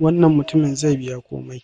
Wannan mutumin zai biya komai.